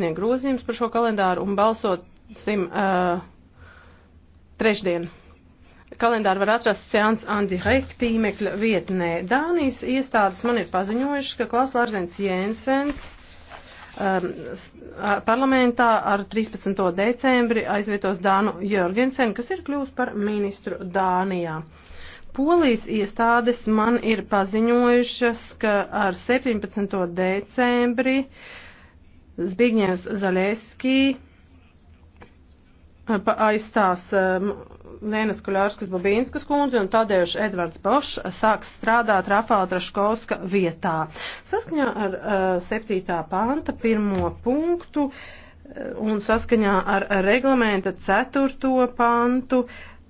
jāiesniegt grozījums par šo kalendāru un balsosim uh, trešdien. Kalendāru var atrast Seans Andirekt tīmekļa vietnē. Dānijas iestādes man ir paziņojušas, ka Klaus Lārzens Jensens um, parlamentā ar 13. decembri aizvietos Dānu Jorgensen, kas ir kļūst par ministru Dānijā. Polijas iestādes man ir paziņojušas, ka ar 17. decembri uh, Zbigņevs Zaļēski eh, aizstās Lēnas eh, Kuļārskas Babīnskas kundzi un tādēļ Edvards Bošs sāks strādāt Rafāla Traškovska vietā. Saskaņā ar 7. Eh, panta pirmo punktu un saskaņā ar reglamenta 4. pantu